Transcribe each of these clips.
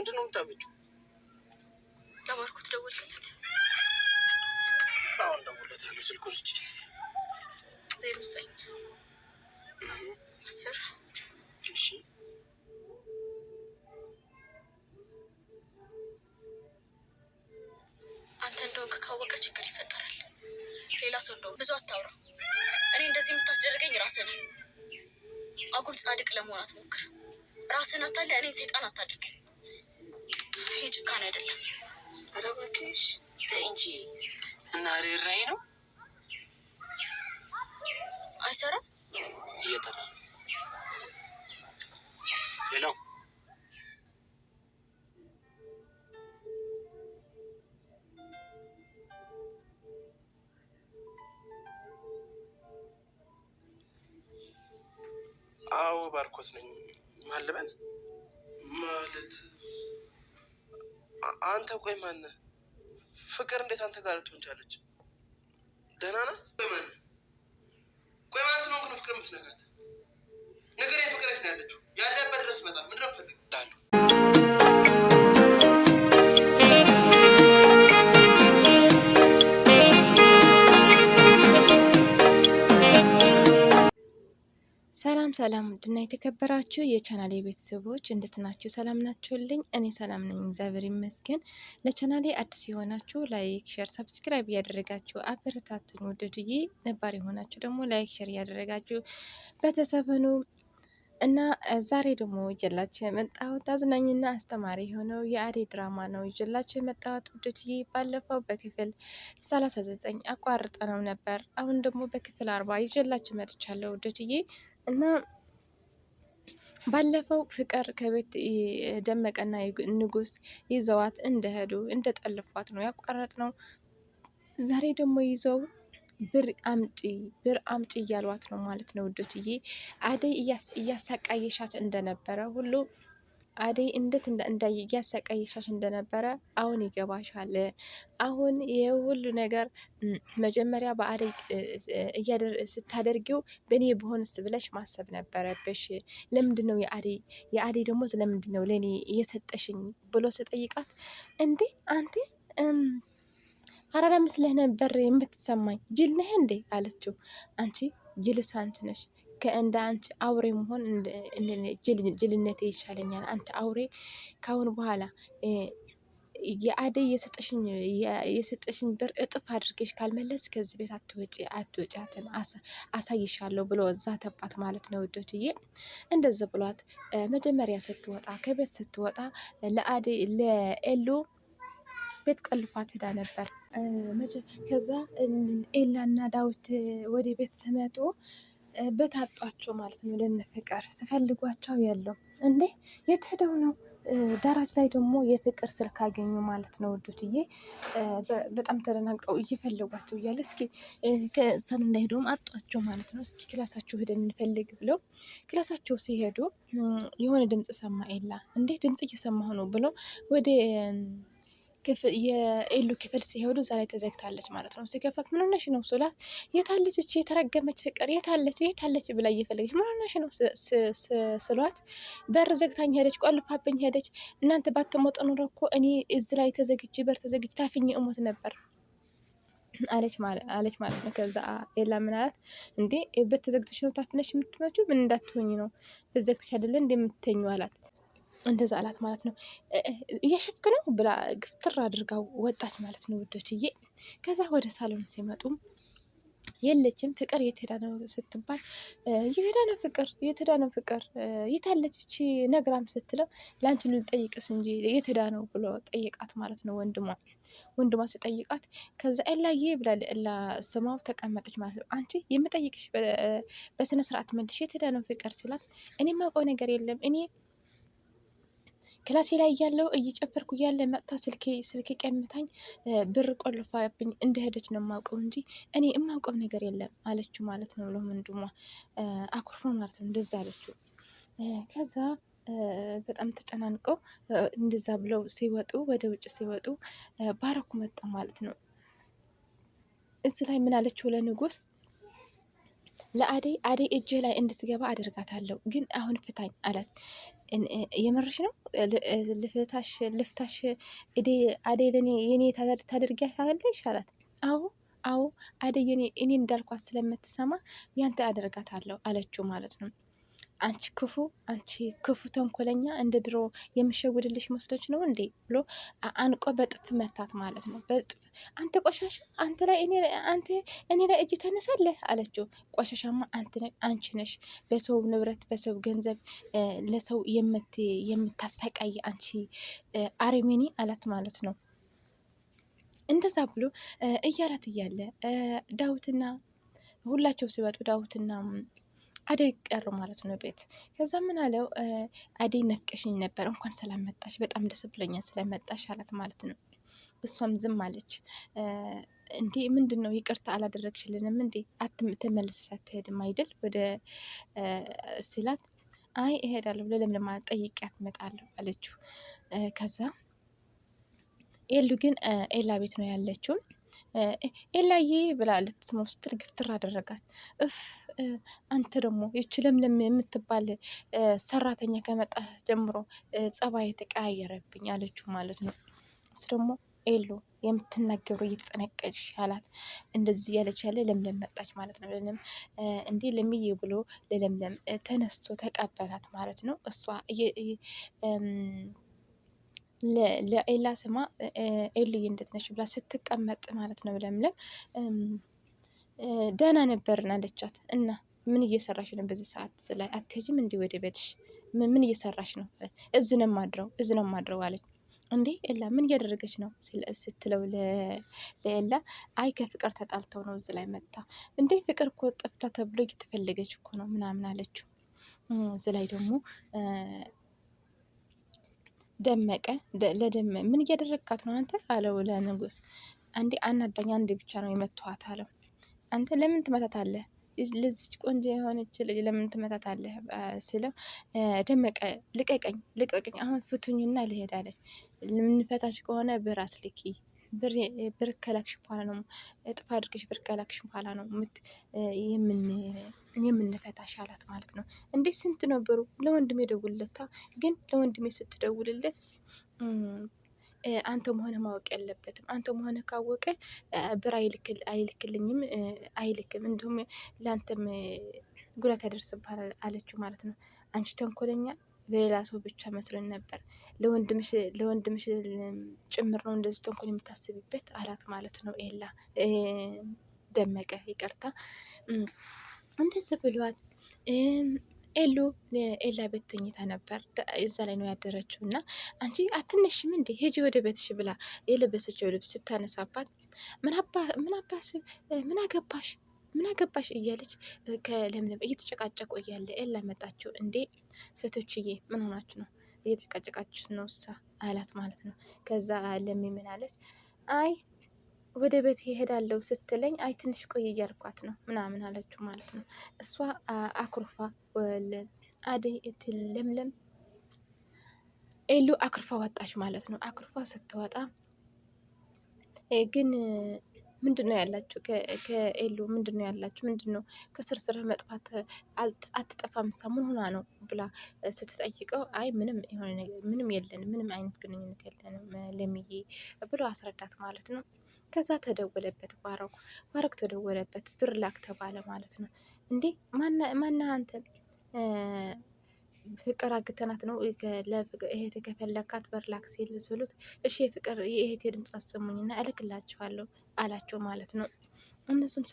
ምንድን ነው የምታበጪው? ለባርኮት ደወልክለት? አሁን ደውልለታለሁ። ስልኩን ስጪ። ዜሮ ዘጠኝ አስር እሺ አንተ እንደሆንክ ካወቀ ችግር ይፈጠራል። ሌላ ሰው እንደሆን ብዙ አታውራ። እኔ እንደዚህ የምታስደርገኝ ራስህ ነህ። አጉል ጻድቅ ለመሆን አትሞክር። ራስህን አታለ እኔ ሰይጣን አታድርገኝ። ይሄ ጭካኔ አይደለም። ኧረ እባክሽ ተይ እንጂ እና ሬራይ ነው አይሰራም። እየጠራ ሄሎ አዎ ባርኮት ነኝ። ማለበን ማለት አንተ ቆይ ማነ ፍቅር እንዴት አንተ ጋር ልትሆን ቻለች? ደህና ናት? ቆይ ማነህ? ቆይ ማለት ስለሆንክ ነው ፍቅር የምትነጋት ነገር የፍቅር ነው ያለችው ያለበት ድረስ መጣል ምድረፈልግ ነው ሰላም ሰላም፣ ውድና የተከበራችሁ የቻናሌ ቤተሰቦች እንዴት ናችሁ? ሰላም ናችሁልኝ? እኔ ሰላም ነኝ፣ እግዚአብሔር ይመስገን። ለቻናሌ አዲስ የሆናችሁ ላይክ፣ ሸር፣ ሰብስክራይብ እያደረጋችሁ አበረታቱኝ ውድድዬ። ነባር የሆናችሁ ደግሞ ላይክ፣ ሸር እያደረጋችሁ ቤተሰብ እና ዛሬ ደግሞ ይዤላችሁ የመጣሁት አዝናኝና አስተማሪ የሆነው የአደይ ድራማ ነው ይዤላችሁ የመጣሁት ውድድዬ። ባለፈው በክፍል 39 አቋርጠ ነው ነበር። አሁን ደግሞ በክፍል አርባ ይዤላችሁ መጥቻለሁ ውድድዬ እና ባለፈው ፍቅር ከቤት ደመቀና ንጉስ ይዘዋት እንደሄዱ እንደጠልፏት ነው ያቋረጥ ነው። ዛሬ ደግሞ ይዘው ብር አምጪ ብር አምጪ እያሏት ነው ማለት ነው። ውዶችዬ አደይ እያሳቃየሻት እንደነበረ ሁሉ አደይ እንዴት እያሰቃየሻሽ እንደነበረ አሁን ይገባሻል። አሁን ይህ ሁሉ ነገር መጀመሪያ በአደይ ስታደርጊው በእኔ በሆንስ ብለሽ ማሰብ ነበረብሽ። ለምንድን ነው የአደይ የአደይ ደግሞ ለምንድን ነው ለእኔ እየሰጠሽኝ ብሎ ስጠይቃት እንዴ አንቴ አራዳ ምስለህ ነበር የምትሰማኝ ጅል ነህ እንዴ አለችው። አንቺ ጅልስ አንቺ ነሽ እንደ አንቺ አውሬ መሆን ጅልነት ይሻለኛል። አንተ አውሬ ካሁን በኋላ የአደይ የሰጠሽኝ ብር እጥፍ አድርጌሽ ካልመለስ ከዚህ ቤት አትወጪ አትወጪያትም አሳይሻለሁ ብሎ ዛተባት ማለት ነው ውዶትዬ። እንደዚ ብሏት መጀመሪያ ስትወጣ ከቤት ስትወጣ ለአደይ ለኤሉ ቤት ቆልፏት ሄዳ ነበር። ከዛ ኤላና ዳዊት ወደ ቤት ስመጡ በታጧቸው ማለት ነው። ለነ ፍቅር ስፈልጓቸው የለም እንዴ የት ሄደው ነው? ዳራጅ ላይ ደግሞ የፍቅር ስልክ አገኙ ማለት ነው። ወዱትዬ በጣም ተደናግጠው እየፈለጓቸው እያለ እስኪ ከሰን እንዳይሄደውም አጧቸው ማለት ነው። እስኪ ክላሳቸው ሄደን እንፈልግ ብለው ክላሳቸው ሲሄዱ የሆነ ድምፅ ሰማ ኤላ። እንዴ ድምፅ እየሰማሁ ነው ብለው ወደ የኤሉ ክፍል ሲሄዱ እዛ ላይ ተዘግታለች ማለት ነው። ሲከፈት ምን ሆነሽ ነው ስላት የታለች እች የተረገመች ፍቅር የታለች የታለች ብላ እየፈለገች ምን ሆነሽ ነው ስሏት በር ዘግታኝ ሄደች፣ ቆልፋብኝ ሄደች። እናንተ ባትሞጥ ኑሮ እኮ እኔ እዚ ላይ ተዘግጅ በር ተዘግጅ ታፍኝ እሞት ነበር አለች ማለት ነው። ከዛ ኤላ ምን አላት እንዴ ብትዘግተሽ ነው ታፍነሽ የምትመጪው? ምን እንዳትሆኝ ነው ብትዘግተሽ አይደለ እንደምትተኙ አላት። እንደዛ አላት ማለት ነው። እያሸፍክ ነው ብላ ግፍትር አድርጋው ወጣች ማለት ነው ውዶችዬ። ከዛ ወደ ሳሎን ሲመጡ የለችም ፍቅር የት ሄዳ ነው ስትባል፣ የት ሄዳ ነው ፍቅር የት ሄዳ ነው ፍቅር የት እቺ ነግራም ስትለው፣ ለአንቺ ልንጠይቅስ እንጂ የት ሄዳ ነው ብሎ ጠይቃት ማለት ነው ወንድሟ ወንድሟ ሲጠይቃት፣ ከዛ ኤላዬ ብላ ለኤላ ስማው ተቀመጠች ማለት ነው። አንቺ የምጠይቅሽ በስነ ስርዓት መልሽ፣ የት ሄዳ ነው ፍቅር ሲላት፣ እኔ የማውቀው ነገር የለም እኔ ክላሴ ላይ እያለው እየጨፈርኩ እያለ መጥታ ስልኬ ስልኬ ቀምታኝ ብር ቆልፋብኝ እንደሄደች ነው የማውቀው እንጂ እኔ የማውቀው ነገር የለም አለችው ማለት ነው። ለወንድሟ አኩርፎ ማለት ነው እንደዛ አለችው። ከዛ በጣም ተጨናንቀው እንደዛ ብለው ሲወጡ ወደ ውጭ ሲወጡ ባረኩ መጣ ማለት ነው። እዚህ ላይ ምን አለችው ለንጉስ ለአደይ አደይ እጅህ ላይ እንድትገባ አደርጋታለሁ፣ ግን አሁን ፍታኝ አላት። የምርሽ ነው ልፍታሽ ልፍታሽ አደይ ለኔ የኔ ታደርጊያታለሽ አላት። አዎ አዎ አደይ እኔ እንዳልኳት ስለምትሰማ ያንተ አደርጋት አለው አለችው ማለት ነው። አንቺ ክፉ አንቺ ክፉ ተንኮለኛ እንደ ድሮ የምሸውድልሽ መስሎች ነው እንዴ ብሎ አንቆ በጥፍ መታት ማለት ነው። በጥፍ አንተ ቆሻሻ አንተ ላይ አንተ እኔ ላይ እጅ ተነሳለህ አለችው። ቆሻሻማ አንቺ ነሽ፣ በሰው ንብረት በሰው ገንዘብ ለሰው የምታሰቃይ አንቺ አርሜኒ አላት ማለት ነው። እንደዛ ብሎ እያላት እያለ ዳዊትና ሁላቸው ሲወጡ ዳዊትና አደይ ቀሩ ማለት ነው ቤት። ከዛ ምን አለው አደይ ነፍቀሽኝ ነበር እንኳን ሰላም መጣሽ፣ በጣም ደስ ብሎኛል ስለመጣሽ አላት ማለት ነው። እሷም ዝም አለች። እንዴ ምንድን ነው ይቅርታ አላደረግሽልንም እንዴ ተመልሰሽ አትሄድም አይደል ወደ ሲላት አይ እሄዳለሁ ለለምለማ ጠይቄያት እመጣለሁ አለችው። ከዛ ኤሉ ግን ኤላ ቤት ነው ያለችው። ኤላዬ ብላ ልትስመው ስትል ግፍትር አደረጋት። እፍ አንተ ደግሞ ይች ለምለም የምትባል ሰራተኛ ከመጣ ጀምሮ ጸባይ የተቀያየረብኝ አለችው ማለት ነው። እሱ ደግሞ ኤሎ የምትናገሩ እየተጠነቀቅሽ አላት። እንደዚህ ያለች ያለ ለምለም መጣች ማለት ነው። ለምለም እንዴ ለምዬ ብሎ ለለምለም ተነስቶ ተቀበላት ማለት ነው እሷ ለኤላ ስማ ኤሉዬ እንዴት ብላ ስትቀመጥ ማለት ነው ለምለም ደህና ነበርን አለቻት። እና ምን እየሰራሽ ነው በዚህ ሰዓት ላይ አትሄጂም? እንዲህ ወደ ቤትሽ ምን እየሰራሽ ነው? እዚህ ነው የማድረው እዚህ ነው የማድረው አለች። እንዴ ኤላ ምን እያደረገች ነው ስትለው ለኤላ አይ ከፍቅር ተጣልተው ነው እዚህ ላይ መጣ እንዴ ፍቅር እኮ ጠፍታ ተብሎ እየተፈለገች እኮ ነው ምናምን አለችው። እዚህ ላይ ደግሞ ደመቀ ለደመ ምን እያደረግካት ነው አንተ? አለው ለንጉስ። አንዴ አናዳኝ አንዴ ብቻ ነው የመቷት አለው። አንተ ለምን ትመታታለህ? ለዚች ቆንጆ የሆነች ልጅ ለምን ትመታታለህ ስለው ደመቀ ልቀቀኝ፣ ልቀቀኝ አሁን ፍቱኝና ልሄዳለች። ምንፈታች ከሆነ በራስ ልኪ ብር ከላክሽ በኋላ ነው እጥፍ አድርገሽ ብር ከላክሽ በኋላ ነው የምንፈታሽ አላት ማለት ነው። እንዴት ስንት ነበሩ? ለወንድሜ ደውልለታ። ግን ለወንድሜ ስትደውልለት አንተ መሆነ ማወቅ ያለበትም አንተ መሆነ ካወቀ ብር አይልክልኝም አይልክም፣ እንዲሁም ለአንተም ጉዳት ያደርስብሃል አለችው ማለት ነው። አንቺ ተንኮለኛ ለሌላ ሰው ብቻ መስለን ነበር። ለወንድምሽ ጭምር ነው እንደዚህ ተንኮል የምታስብበት አላት ማለት ነው። ኤላ ደመቀ ይቅርታ። እንደዚ ብሏት ኤሉ ኤላ ቤት ተኝታ ነበር። እዛ ላይ ነው ያደረችው እና አንቺ አትነሽም እንዴ ሄጂ ወደ ቤትሽ ብላ የለበሰችው ልብስ ስታነሳባት ምን አባሽ ምን አገባሽ ምን አገባሽ እያለች ከለምለም እየተጨቃጨቁ እያለ ኤላ መጣችው። እንዴ ሴቶችዬ ምን ሆናችሁ ነው? እየተጨቃጨቃችሁ ነው እሳ አላት ማለት ነው። ከዛ ለሚ ምን አለች? አይ ወደ ቤት ይሄዳለው ስትለኝ አይ ትንሽ ቆይ እያልኳት ነው ምናምን አለችው ማለት ነው። እሷ አኩርፋ አደይ ለምለም ኤሉ አኩርፋ ወጣች ማለት ነው። አኩርፋ ስትወጣ ግን ምንድን ነው ያላችሁ? ከኤሉ ምንድን ነው ያላችሁ? ምንድን ነው ከስር ስርህ መጥፋት አትጠፋም ሳ ሆና ነው ብላ ስትጠይቀው አይ ምንም የሆነ ነገር ምንም የለንም ምንም አይነት ግንኙነት የለንም ለሚዬ ብሎ አስረዳት ማለት ነው። ከዛ ተደወለበት ባረው ባረክ ተደወለበት ብር ላክ ተባለ ማለት ነው። እንዴ ማና አንተ ፍቅር አግተናት ነው ለእህት ከፈለካት በርላክ ሲል ስሉት እሺ የፍቅር የእህት የድምፅ አሰሙኝና እልክላችኋለሁ አላቸው ማለት ነው። እነሱም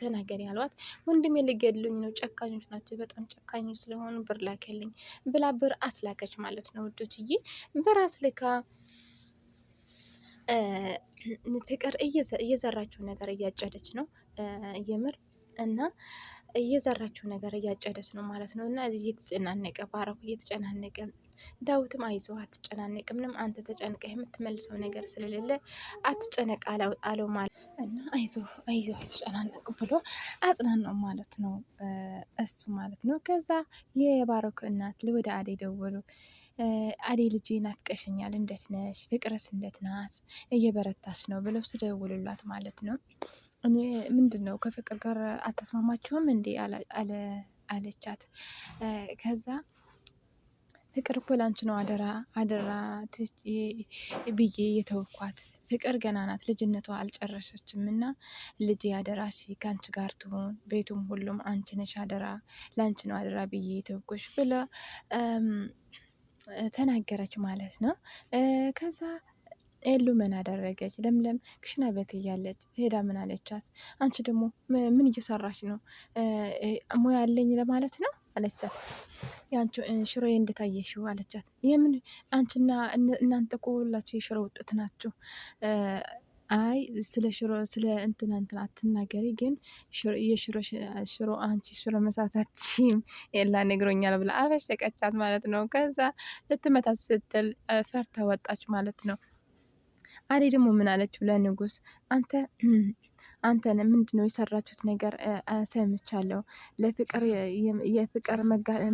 ተናገር ያሏት ወንድሜ ልገድሉኝ ነው፣ ጨካኞች ናቸው፣ በጣም ጨካኞች ስለሆኑ ብር ላከልኝ ብላ ብር አስላከች ማለት ነው። ውዶችዬ ብር አስልካ ፍቅር እየዘራችው ነገር እያጨደች ነው የምር እና እየዘራችው ነገር እያጨደች ነው ማለት ነው። እና እየተጨናነቀ ባረኩ እየተጨናነቀ ዳዊትም አይዞ አትጨናነቅ፣ ምንም አንተ ተጨንቀ የምትመልሰው ነገር ስለሌለ አትጨነቅ አለው ማለት እና አይዞ አይዞ አትጨናነቅ ብሎ አጽናናው ማለት ነው እሱ ማለት ነው። ከዛ የባረኩ እናት ወደ አዴ ደወሉ። አዴ ልጅ ናፍቀሽኛል፣ እንዴት ነሽ? ፍቅርስ ናት? እየበረታች ነው ብለው ስደውሉላት ማለት ነው። እኔ ምንድን ነው ከፍቅር ጋር አልተስማማችሁም እንዴ አለቻት። ከዛ ፍቅር እኮ ላንቺ ነው አደራ አደራ ብዬ የተወኳት ፍቅር ገና ናት፣ ልጅነቷ አልጨረሰችም እና ልጄ አደራሽ ከአንቺ ጋር ትሆን ቤቱም ሁሉም አንቺ ነሽ አደራ ለአንቺ ነው አደራ ብዬ የተወኩሽ ብላ ተናገረች ማለት ነው ከዛ ኤሉ ምን አደረገች? ለምለም ክሽና ቤት እያለች ሄዳ ምን አለቻት? አንቺ ደግሞ ምን እየሰራች ነው? ሙያ አለኝ ለማለት ነው አለቻት። ያንቺ ሽሮ እንደታየሽው አለቻት። የምን አንቺና እናንተ እኮ ሁላችሁ የሽሮ ውጤት ናችሁ። አይ ስለ ሽሮ ስለ እንትና እንትና አትናገሪ፣ ግን የሽሮ ሽሮ አንቺ ሽሮ መሳታችም ኤላ ነግሮኛል ብላ አበሸቀቻት ማለት ነው። ከዛ ልትመታት ስትል ፈርታ ወጣች ማለት ነው። አዴ ደግሞ ምን አለችው ለንጉስ አንተ አንተ ምንድን ነው የሰራችሁት ነገር ሰምቻለሁ። ለፍቅር የፍቅር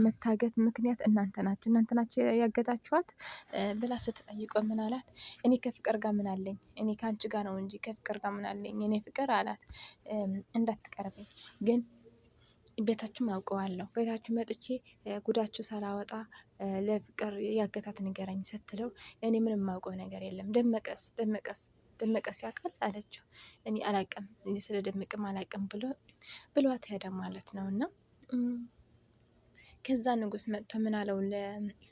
መታገት ምክንያት እናንተ ናችሁ እናንተ ናችሁ ያገታችኋት ብላ ስትጠይቆ ምን አላት? እኔ ከፍቅር ጋር ምን አለኝ? እኔ ከአንቺ ጋር ነው እንጂ ከፍቅር ጋር ምን አለኝ? እኔ ፍቅር አላት እንዳትቀርበኝ ግን ቤታችሁም አውቀዋለሁ ቤታችሁ መጥቼ ጉዳችሁ ሳላወጣ ለፍቅር ያገታት ንገረኝ ስትለው እኔ ምንም የማውቀው ነገር የለም ደመቀስ ደመቀስ ደመቀስ ያውቃል አለችው። እኔ አላቅም ስለ ደምቅም አላቅም ብሎ ብሏት ሄደ ማለት ነው እና ከዛ ንጉስ መጥቶ ምን አለው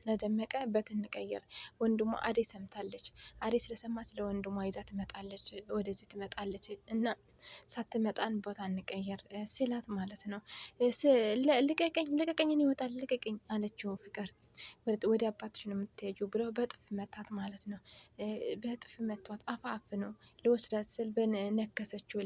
ለደመቀ በትንቀይር ወንድሟ አዴ ሰምታለች። አዴ ስለሰማች ለወንድሟ ይዛ ትመጣለች፣ ወደዚህ ትመጣለች እና ሳትመጣን ቦታ እንቀየር ስላት ማለት ነው። ልቀቀኝ፣ ልቀቀኝን ይወጣል፣ ልቀቀኝ አለችው ፍቅር ወደ አባትሽ ነው የምትሄጂው ብለው በጥፍ መታት ማለት ነው። በጥፍ መቷት። አፋ ነው ልወስዳት ስል በነከሰችው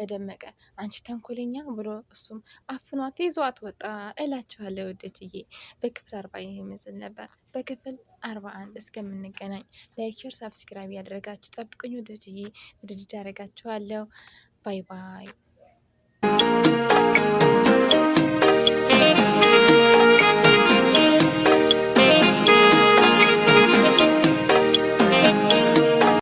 ለደመቀ አንቺ ተንኮለኛ ብሎ እሱም አፍኗት ይዟት ወጣ እላችኋለሁ። ወደችዬ በክፍል አርባ ይህ ምስል ነበር። በክፍል አርባ አንድ እስከምንገናኝ ላይክር ሳብስክራይብ ያደረጋችሁ ጠብቁኝ ወደችዬ ምድድድ ያደረጋችኋለሁ። ባይ ባይ።